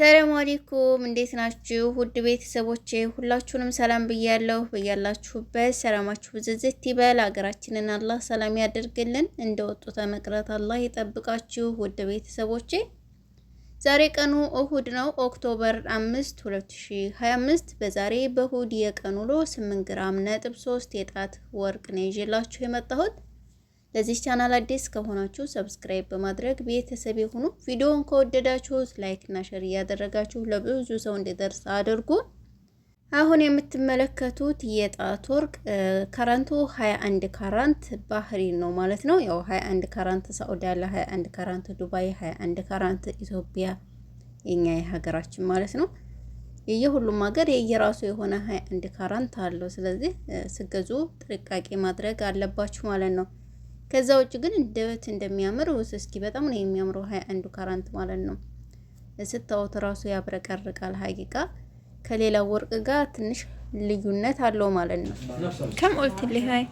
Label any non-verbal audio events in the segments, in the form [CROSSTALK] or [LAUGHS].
ሰላም አለይኩም እንዴት ናችሁ? ውድ ቤተሰቦቼ ሁላችሁንም ሰላም ብያለሁ። ብያላችሁበት ሰላማችሁ ብዝዝት ይበል። ሀገራችንን አላህ ሰላም ያደርግልን። እንደወጡ ወጡት መቅረት አላህ ይጠብቃችሁ። ውድ ቤተሰቦቼ ዛሬ ቀኑ እሁድ ነው፣ ኦክቶበር 5 2025። በዛሬ በእሁድ የቀኑ ውሎ 8 ግራም ነጥብ 3 የጣት ወርቅ ነው ይዤላችሁ የመጣሁት ለዚህ ቻናል አዲስ ከሆናችሁ ሰብስክራይብ በማድረግ ቤተሰብ የሆኑ ቪዲዮውን ከወደዳችሁት ላይክና ሸር እያደረጋችሁ ለብዙ ሰው እንዲደርስ አድርጉ። አሁን የምትመለከቱት የጣት ወርቅ ካራንቱ 21 ካራንት ባህሪን ነው ማለት ነው። ያው 21 ካራንት ሳዑዲ አለ፣ 21 ካራንት ዱባይ፣ 21 ካራንት ኢትዮጵያ የኛ የሀገራችን ማለት ነው። የየሁሉም ሀገር የየራሱ የሆነ 21 ካራንት አለው። ስለዚህ ስገዙ ጥንቃቄ ማድረግ አለባችሁ ማለት ነው። ከዛ ውጭ ግን እንደበት እንደሚያምር እስኪ በጣም ነው የሚያምረው። ሀያ አንዱ ካራንት ማለት ነው። ስታወት ራሱ ያብረቀርቃል። ሀቂቃ ከሌላ ወርቅ ጋር ትንሽ ልዩነት አለው ማለት ነው። ከም ቁልት ሊሀይ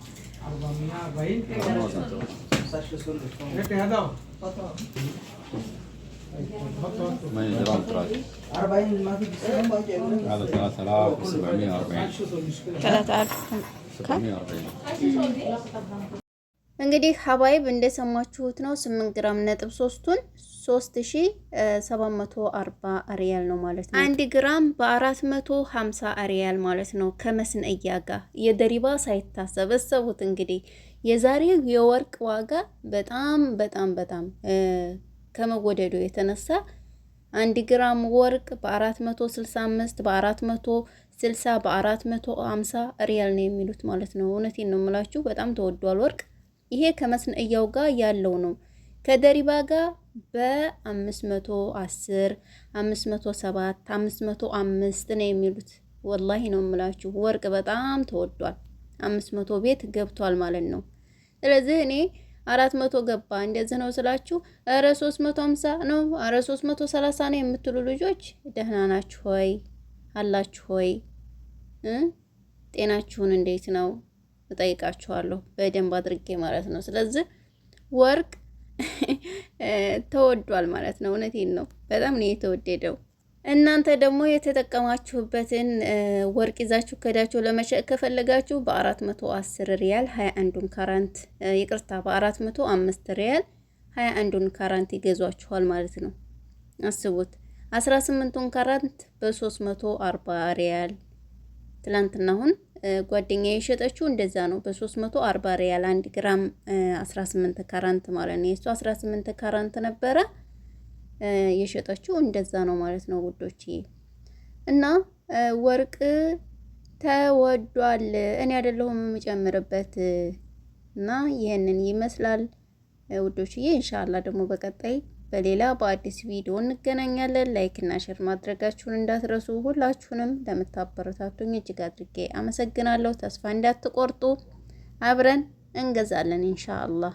እንግዲህ ሀባይብ እንደሰማችሁት ነው 8 ግራም ነጥብ ሶስቱን 3740 ሪያል ነው ማለት ነው። አንድ ግራም በ450 ሪያል ማለት ነው። ከመስነያ ጋር የደሪባ ሳይታሰብ እሰቡት እንግዲህ የዛሬው የወርቅ ዋጋ በጣም በጣም በጣም ከመወደዱ የተነሳ አንድ ግራም ወርቅ በ465 በ460 በ450 ሪያል ነው የሚሉት ማለት ነው። እውነቴን ነው የምላችሁ በጣም ተወዷል ወርቅ ይሄ ከመስነእያው ጋር ያለው ነው። ከደሪባ ጋር በ510 507 505 ነው የሚሉት። ወላሂ ነው የምላችሁ ወርቅ በጣም ተወዷል። 500 ቤት ገብቷል ማለት ነው። ስለዚህ እኔ 400 ገባ እንደዚህ ነው ስላችሁ፣ ኧረ 350 ነው ኧረ 330 ነው የምትሉ ልጆች ደህና ናችሁ ሆይ አላችሁ ሆይ ጤናችሁን እንዴት ነው? እጠይቃችኋለሁ በደንብ አድርጌ ማለት ነው። ስለዚህ ወርቅ [LAUGHS] ተወዷል ማለት ነው። እውነቴን ነው። በጣም ነው የተወደደው። እናንተ ደግሞ የተጠቀማችሁበትን ወርቅ ይዛችሁ ከዳችሁ ለመሸጥ ከፈለጋችሁ በ410 ሪያል 21ን ካራንት ይቅርታ፣ በ405 ሪያል 21ን ካራንት ይገዟችኋል ማለት ነው። አስቡት 18 ቱን ካራንት በ340 ሪያል ትላንትና አሁን ጓደኛ የሸጠችው እንደዛ ነው በ340 ሪያል 1 ግራም 18 ካራንት ማለት ነው። የእሱ 18 ካራንት ነበረ የሸጠችው እንደዛ ነው ማለት ነው ውዶች። እና ወርቅ ተወዷል። እኔ አይደለሁም የምጨምርበት እና ይህንን ይመስላል ውዶችዬ። ኢንሻአላህ ደግሞ በቀጣይ በሌላ በአዲስ ቪዲዮ እንገናኛለን። ላይክ እና ሼር ማድረጋችሁን እንዳትረሱ። ሁላችሁንም ለምታበረታቱኝ እጅግ አድርጌ አመሰግናለሁ። ተስፋ እንዳትቆርጡ፣ አብረን እንገዛለን ኢንሻአላህ።